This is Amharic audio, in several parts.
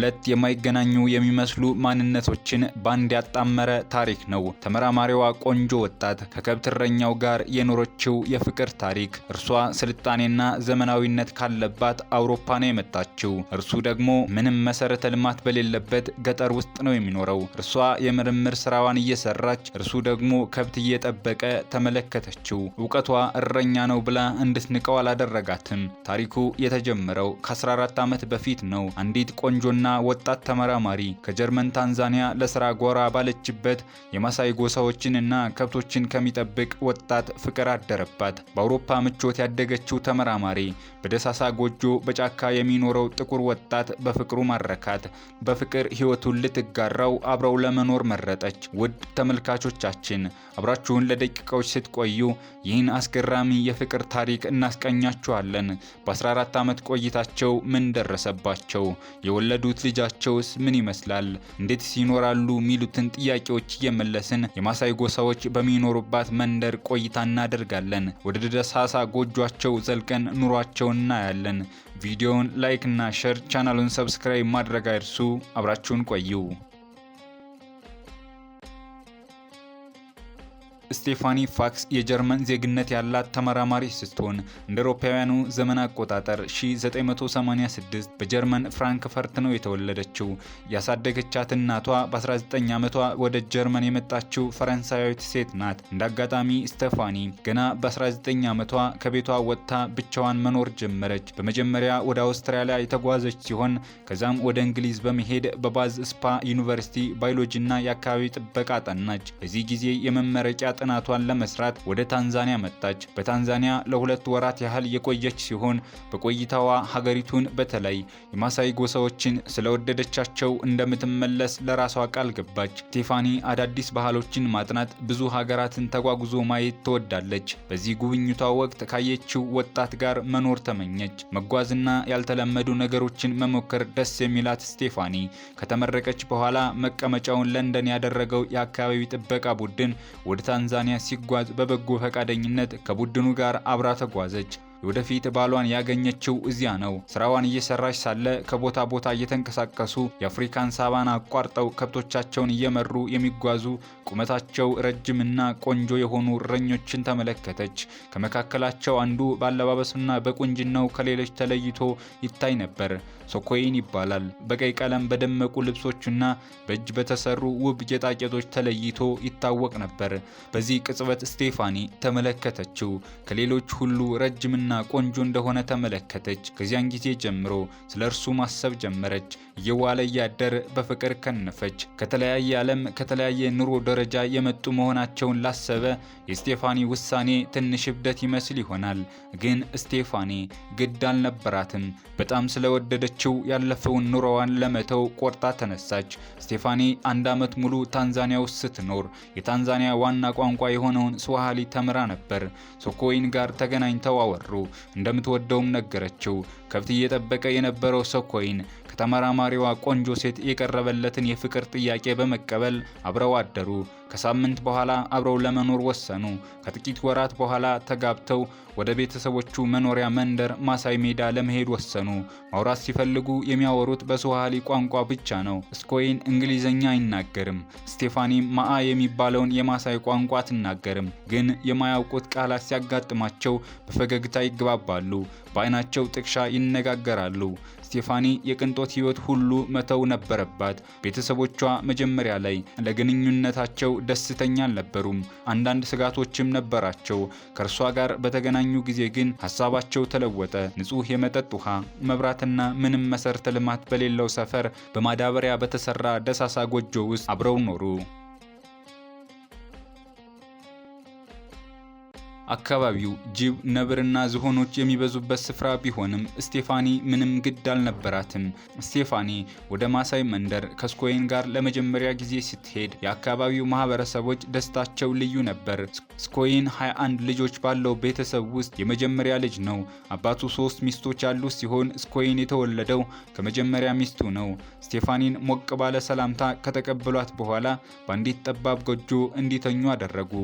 roulette ሁለት የማይገናኙ የሚመስሉ ማንነቶችን ባንድ ያጣመረ ታሪክ ነው። ተመራማሪዋ ቆንጆ ወጣት ከከብት እረኛው ጋር የኖረችው የፍቅር ታሪክ፣ እርሷ ስልጣኔና ዘመናዊነት ካለባት አውሮፓ ነው የመጣችው። እርሱ ደግሞ ምንም መሰረተ ልማት በሌለበት ገጠር ውስጥ ነው የሚኖረው። እርሷ የምርምር ስራዋን እየሰራች፣ እርሱ ደግሞ ከብት እየጠበቀ ተመለከተችው። እውቀቷ እረኛ ነው ብላ እንድትንቀው አላደረጋትም። ታሪኩ የተጀመረው ከ14 ዓመት በፊት ነው። አንዲት ቆንጆና ወጣት ተመራማሪ ከጀርመን ታንዛኒያ ለስራ ጎራ ባለችበት የማሳይ ጎሳዎችንና ከብቶችን ከሚጠብቅ ወጣት ፍቅር አደረባት። በአውሮፓ ምቾት ያደገችው ተመራማሪ በደሳሳ ጎጆ በጫካ የሚኖረው ጥቁር ወጣት በፍቅሩ ማረካት። በፍቅር ህይወቱን ልትጋራው አብረው ለመኖር መረጠች። ውድ ተመልካቾቻችን አብራችሁን ለደቂቃዎች ስትቆዩ ይህን አስገራሚ የፍቅር ታሪክ እናስቀኛችኋለን። በ14 ዓመት ቆይታቸው ምን ደረሰባቸው? የወለዱት ልጅ ልጃቸውስ ምን ይመስላል? እንዴትስ ይኖራሉ? የሚሉትን ጥያቄዎች እየመለስን የማሳይ ጎሳዎች በሚኖሩባት መንደር ቆይታ እናደርጋለን። ወደ ደሳሳ ጎጇቸው ዘልቀን ኑሯቸውን እናያለን። ቪዲዮውን ላይክ እና ሸር፣ ቻናሉን ሰብስክራይብ ማድረግ አይርሱ። አብራችሁን ቆዩ። ስቴፋኒ ፋክስ የጀርመን ዜግነት ያላት ተመራማሪ ስትሆን እንደ አውሮፓውያኑ ዘመን አቆጣጠር 1986 በጀርመን ፍራንክፈርት ነው የተወለደችው። ያሳደገቻት እናቷ በ19 ዓመቷ ወደ ጀርመን የመጣችው ፈረንሳያዊት ሴት ናት። እንደ አጋጣሚ ስቴፋኒ ገና በ19 ዓመቷ ከቤቷ ወጥታ ብቻዋን መኖር ጀመረች። በመጀመሪያ ወደ አውስትራሊያ የተጓዘች ሲሆን ከዛም ወደ እንግሊዝ በመሄድ በባዝ ስፓ ዩኒቨርሲቲ ባዮሎጂና የአካባቢ ጥበቃ ጠናች። በዚህ ጊዜ የመመረቂያ ጥናቷን ለመስራት ወደ ታንዛኒያ መጣች። በታንዛኒያ ለሁለት ወራት ያህል የቆየች ሲሆን በቆይታዋ ሀገሪቱን በተለይ የማሳይ ጎሳዎችን ስለወደደቻቸው እንደምትመለስ ለራሷ ቃል ገባች። ስቴፋኒ አዳዲስ ባህሎችን ማጥናት፣ ብዙ ሀገራትን ተጓጉዞ ማየት ትወዳለች። በዚህ ጉብኝቷ ወቅት ካየችው ወጣት ጋር መኖር ተመኘች። መጓዝና ያልተለመዱ ነገሮችን መሞከር ደስ የሚላት ስቴፋኒ ከተመረቀች በኋላ መቀመጫውን ለንደን ያደረገው የአካባቢ ጥበቃ ቡድን ወደ ታንዛ ታንዛኒያ ሲጓዝ በበጎ ፈቃደኝነት ከቡድኑ ጋር አብራ ተጓዘች። የወደፊት ባሏን ያገኘችው እዚያ ነው። ስራዋን እየሰራች ሳለ ከቦታ ቦታ እየተንቀሳቀሱ የአፍሪካን ሳቫና አቋርጠው ከብቶቻቸውን እየመሩ የሚጓዙ ቁመታቸው ረጅምና ቆንጆ የሆኑ እረኞችን ተመለከተች። ከመካከላቸው አንዱ በአለባበሱና በቁንጅናው ከሌሎች ተለይቶ ይታይ ነበር። ሶኮይን ይባላል። በቀይ ቀለም በደመቁ ልብሶችና በእጅ በተሰሩ ውብ ጌጣጌጦች ተለይቶ ይታወቅ ነበር። በዚህ ቅጽበት ስቴፋኒ ተመለከተችው። ከሌሎች ሁሉ ረጅምና ውብና ቆንጆ እንደሆነ ተመለከተች። ከዚያን ጊዜ ጀምሮ ስለ እርሱ ማሰብ ጀመረች። እየዋለ እያደር በፍቅር ከነፈች። ከተለያየ ዓለም ከተለያየ ኑሮ ደረጃ የመጡ መሆናቸውን ላሰበ የስቴፋኒ ውሳኔ ትንሽ እብደት ይመስል ይሆናል። ግን ስቴፋኒ ግድ አልነበራትም። በጣም ስለወደደችው ያለፈውን ኑሮዋን ለመተው ቆርጣ ተነሳች። ስቴፋኒ አንድ ዓመት ሙሉ ታንዛኒያ ውስጥ ስትኖር የታንዛኒያ ዋና ቋንቋ የሆነውን ስዋሃሊ ተምራ ነበር። ሶኮይን ጋር ተገናኝተው አወሩ። እንደምትወደውም ነገረችው። ከብት እየጠበቀ የነበረው ሰኮይን ከተመራማሪዋ ቆንጆ ሴት የቀረበለትን የፍቅር ጥያቄ በመቀበል አብረው አደሩ። ከሳምንት በኋላ አብረው ለመኖር ወሰኑ። ከጥቂት ወራት በኋላ ተጋብተው ወደ ቤተሰቦቹ መኖሪያ መንደር ማሳይ ሜዳ ለመሄድ ወሰኑ። ማውራት ሲፈልጉ የሚያወሩት በስዋሂሊ ቋንቋ ብቻ ነው። ስኮይን እንግሊዝኛ አይናገርም። ስቴፋኒ ማአ የሚባለውን የማሳይ ቋንቋ አትናገርም። ግን የማያውቁት ቃላት ሲያጋጥማቸው በፈገግታ ይግባባሉ። በአይናቸው ጥቅሻ ይነጋገራሉ። ስቴፋኒ የቅንጦት ህይወት ሁሉ መተው ነበረባት። ቤተሰቦቿ መጀመሪያ ላይ ለግንኙነታቸው ደስተኛ አልነበሩም። አንዳንድ ስጋቶችም ነበራቸው። ከእርሷ ጋር በተገናኙ ጊዜ ግን ሀሳባቸው ተለወጠ። ንጹህ የመጠጥ ውሃ፣ መብራትና ምንም መሰረተ ልማት በሌለው ሰፈር በማዳበሪያ በተሰራ ደሳሳ ጎጆ ውስጥ አብረው ኖሩ። አካባቢው ጅብ፣ ነብርና ዝሆኖች የሚበዙበት ስፍራ ቢሆንም ስቴፋኒ ምንም ግድ አልነበራትም። ስቴፋኒ ወደ ማሳይ መንደር ከስኮይን ጋር ለመጀመሪያ ጊዜ ስትሄድ የአካባቢው ማህበረሰቦች ደስታቸው ልዩ ነበር። ስኮይን 21 ልጆች ባለው ቤተሰብ ውስጥ የመጀመሪያ ልጅ ነው። አባቱ ሶስት ሚስቶች ያሉት ሲሆን ስኮይን የተወለደው ከመጀመሪያ ሚስቱ ነው። ስቴፋኒን ሞቅ ባለ ሰላምታ ከተቀበሏት በኋላ በአንዲት ጠባብ ጎጆ እንዲተኙ አደረጉ።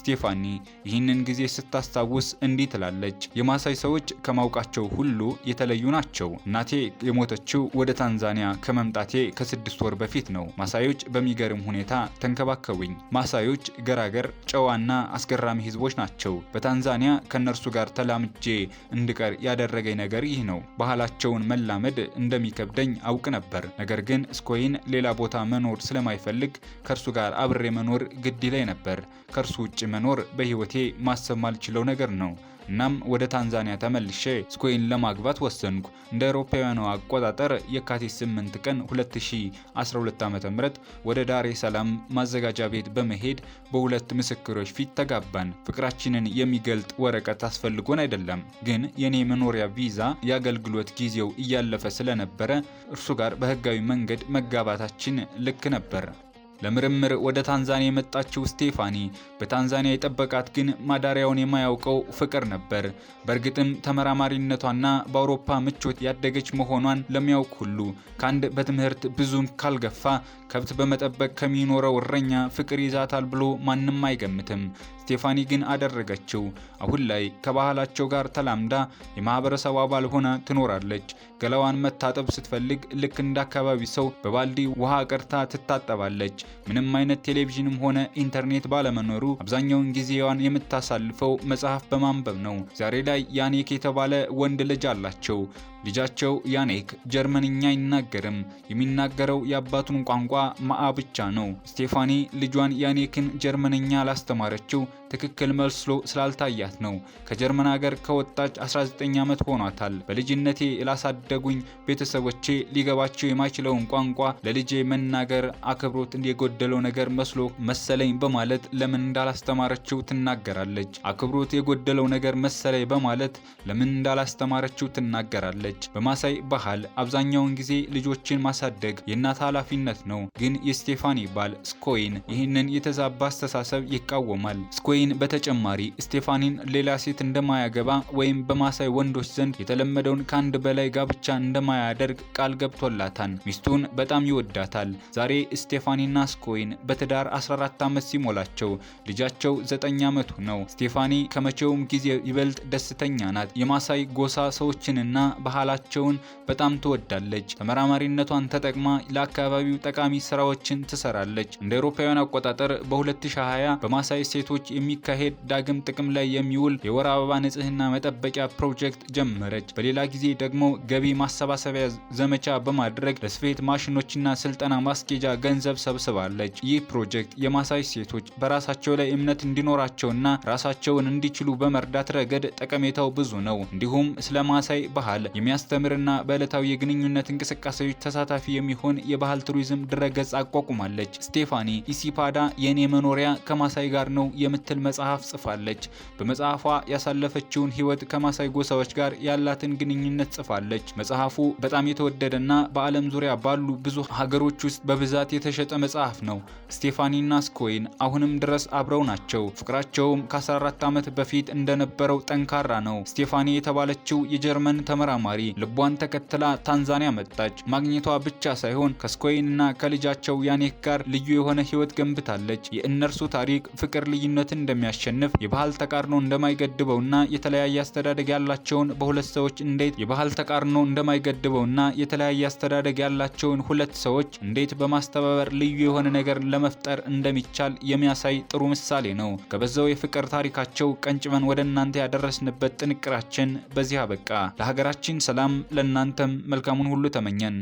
ስቴፋኒ ይህንን ጊዜ ስታስታውስ እንዲህ ትላለች። የማሳይ ሰዎች ከማውቃቸው ሁሉ የተለዩ ናቸው። እናቴ የሞተችው ወደ ታንዛኒያ ከመምጣቴ ከስድስት ወር በፊት ነው። ማሳዮች በሚገርም ሁኔታ ተንከባከቡኝ። ማሳዮች ገራገር፣ ጨዋና አስገራሚ ህዝቦች ናቸው። በታንዛኒያ ከእነርሱ ጋር ተላምጄ እንድቀር ያደረገኝ ነገር ይህ ነው። ባህላቸውን መላመድ እንደሚከብደኝ አውቅ ነበር። ነገር ግን ስኮይን ሌላ ቦታ መኖር ስለማይፈልግ ከእርሱ ጋር አብሬ መኖር ግድ ይለኝ ነበር። ከእርሱ ውጭ መኖር በህይወቴ ማሰብ የማልችለው ነገር ነው። እናም ወደ ታንዛኒያ ተመልሼ ስኮይን ለማግባት ወሰንኩ። እንደ አውሮፓውያኑ አቆጣጠር የካቲት 8 ቀን 2012 .ም ወደ ዳሬ ሰላም ማዘጋጃ ቤት በመሄድ በሁለት ምስክሮች ፊት ተጋባን። ፍቅራችንን የሚገልጥ ወረቀት አስፈልጎን አይደለም፣ ግን የኔ መኖሪያ ቪዛ የአገልግሎት ጊዜው እያለፈ ስለነበረ እርሱ ጋር በህጋዊ መንገድ መጋባታችን ልክ ነበር። ለምርምር ወደ ታንዛኒያ የመጣችው ስቴፋኒ በታንዛኒያ የጠበቃት ግን ማዳሪያውን የማያውቀው ፍቅር ነበር። በእርግጥም ተመራማሪነቷና በአውሮፓ ምቾት ያደገች መሆኗን ለሚያውቅ ሁሉ ከአንድ በትምህርት ብዙም ካልገፋ ከብት በመጠበቅ ከሚኖረው እረኛ ፍቅር ይዛታል ብሎ ማንም አይገምትም። ስቴፋኒ ግን አደረገችው። አሁን ላይ ከባህላቸው ጋር ተላምዳ የማህበረሰቡ አባል ሆና ትኖራለች። ገላዋን መታጠብ ስትፈልግ ልክ እንደ አካባቢ ሰው በባልዲ ውሃ ቀርታ ትታጠባለች። ምንም አይነት ቴሌቪዥንም ሆነ ኢንተርኔት ባለመኖሩ አብዛኛውን ጊዜዋን የምታሳልፈው መጽሐፍ በማንበብ ነው። ዛሬ ላይ ያኔክ የተባለ ወንድ ልጅ አላቸው። ልጃቸው ያኔክ ጀርመንኛ አይናገርም። የሚናገረው የአባቱን ቋንቋ ማአ ብቻ ነው። ስቴፋኒ ልጇን ያኔክን ጀርመንኛ ላስተማረችው ትክክል መስሎ ስላልታያት ነው። ከጀርመን ሀገር ከወጣች 19 ዓመት ሆኗታል። በልጅነቴ ላሳደጉኝ ቤተሰቦቼ ሊገባቸው የማይችለውን ቋንቋ ለልጄ መናገር አክብሮት የጎደለው ነገር መስሎ መሰለኝ በማለት ለምን እንዳላስተማረችው ትናገራለች። አክብሮት የጎደለው ነገር መሰለኝ በማለት ለምን እንዳላስተማረችው ትናገራለች። በማሳይ ባህል አብዛኛውን ጊዜ ልጆችን ማሳደግ የእናት ኃላፊነት ነው። ግን የስቴፋኒ ባል ስኮይን ይህንን የተዛባ አስተሳሰብ ይቃወማል። ስኮይን ከኬይን በተጨማሪ ስቴፋኒን ሌላ ሴት እንደማያገባ ወይም በማሳይ ወንዶች ዘንድ የተለመደውን ከአንድ በላይ ጋብቻ እንደማያደርግ ቃል ገብቶላታል። ሚስቱን በጣም ይወዳታል። ዛሬ ስቴፋኒና ስኮይን በትዳር 14 ዓመት ሲሞላቸው ልጃቸው 9 ዓመቱ ነው። ስቴፋኒ ከመቼውም ጊዜ ይበልጥ ደስተኛ ናት። የማሳይ ጎሳ ሰዎችንና ባህላቸውን በጣም ትወዳለች። ተመራማሪነቷን ተጠቅማ ለአካባቢው ጠቃሚ ስራዎችን ትሰራለች። እንደ አውሮፓውያን አቆጣጠር በ2020 በማሳይ ሴቶች የሚ የሚካሄድ ዳግም ጥቅም ላይ የሚውል የወር አበባ ንጽህና መጠበቂያ ፕሮጀክት ጀመረች። በሌላ ጊዜ ደግሞ ገቢ ማሰባሰቢያ ዘመቻ በማድረግ ለስፌት ማሽኖችና ስልጠና ማስኬጃ ገንዘብ ሰብስባለች። ይህ ፕሮጀክት የማሳይ ሴቶች በራሳቸው ላይ እምነት እንዲኖራቸውና ራሳቸውን እንዲችሉ በመርዳት ረገድ ጠቀሜታው ብዙ ነው። እንዲሁም ስለ ማሳይ ባህል የሚያስተምርና በዕለታዊ የግንኙነት እንቅስቃሴዎች ተሳታፊ የሚሆን የባህል ቱሪዝም ድረገጽ አቋቁማለች። ስቴፋኒ ኢሲፓዳ የእኔ መኖሪያ ከማሳይ ጋር ነው የምትል መጽሐፍ ጽፋለች። በመጽሐፏ ያሳለፈችውን ሕይወት ከማሳይ ጎሳዎች ጋር ያላትን ግንኙነት ጽፋለች። መጽሐፉ በጣም የተወደደና በዓለም ዙሪያ ባሉ ብዙ ሀገሮች ውስጥ በብዛት የተሸጠ መጽሐፍ ነው። ስቴፋኒና ስኮይን አሁንም ድረስ አብረው ናቸው። ፍቅራቸውም ከ14 ዓመት በፊት እንደነበረው ጠንካራ ነው። ስቴፋኒ የተባለችው የጀርመን ተመራማሪ ልቧን ተከትላ ታንዛኒያ መጣች። ማግኘቷ ብቻ ሳይሆን ከስኮይንና ከልጃቸው ያኔክ ጋር ልዩ የሆነ ሕይወት ገንብታለች። የእነርሱ ታሪክ ፍቅር ልዩነትን እንደሚያሸንፍ የባህል ተቃርኖ እንደማይገድበውና የተለያየ አስተዳደግ ያላቸውን በሁለት ሰዎች እንዴት የባህል ተቃርኖ እንደማይገድበውና የተለያየ አስተዳደግ ያላቸውን ሁለት ሰዎች እንዴት በማስተባበር ልዩ የሆነ ነገር ለመፍጠር እንደሚቻል የሚያሳይ ጥሩ ምሳሌ ነው። ከበዛው የፍቅር ታሪካቸው ቀንጭበን ወደ እናንተ ያደረስንበት ጥንቅራችን በዚህ አበቃ። ለሀገራችን ሰላም ለእናንተም መልካሙን ሁሉ ተመኘን።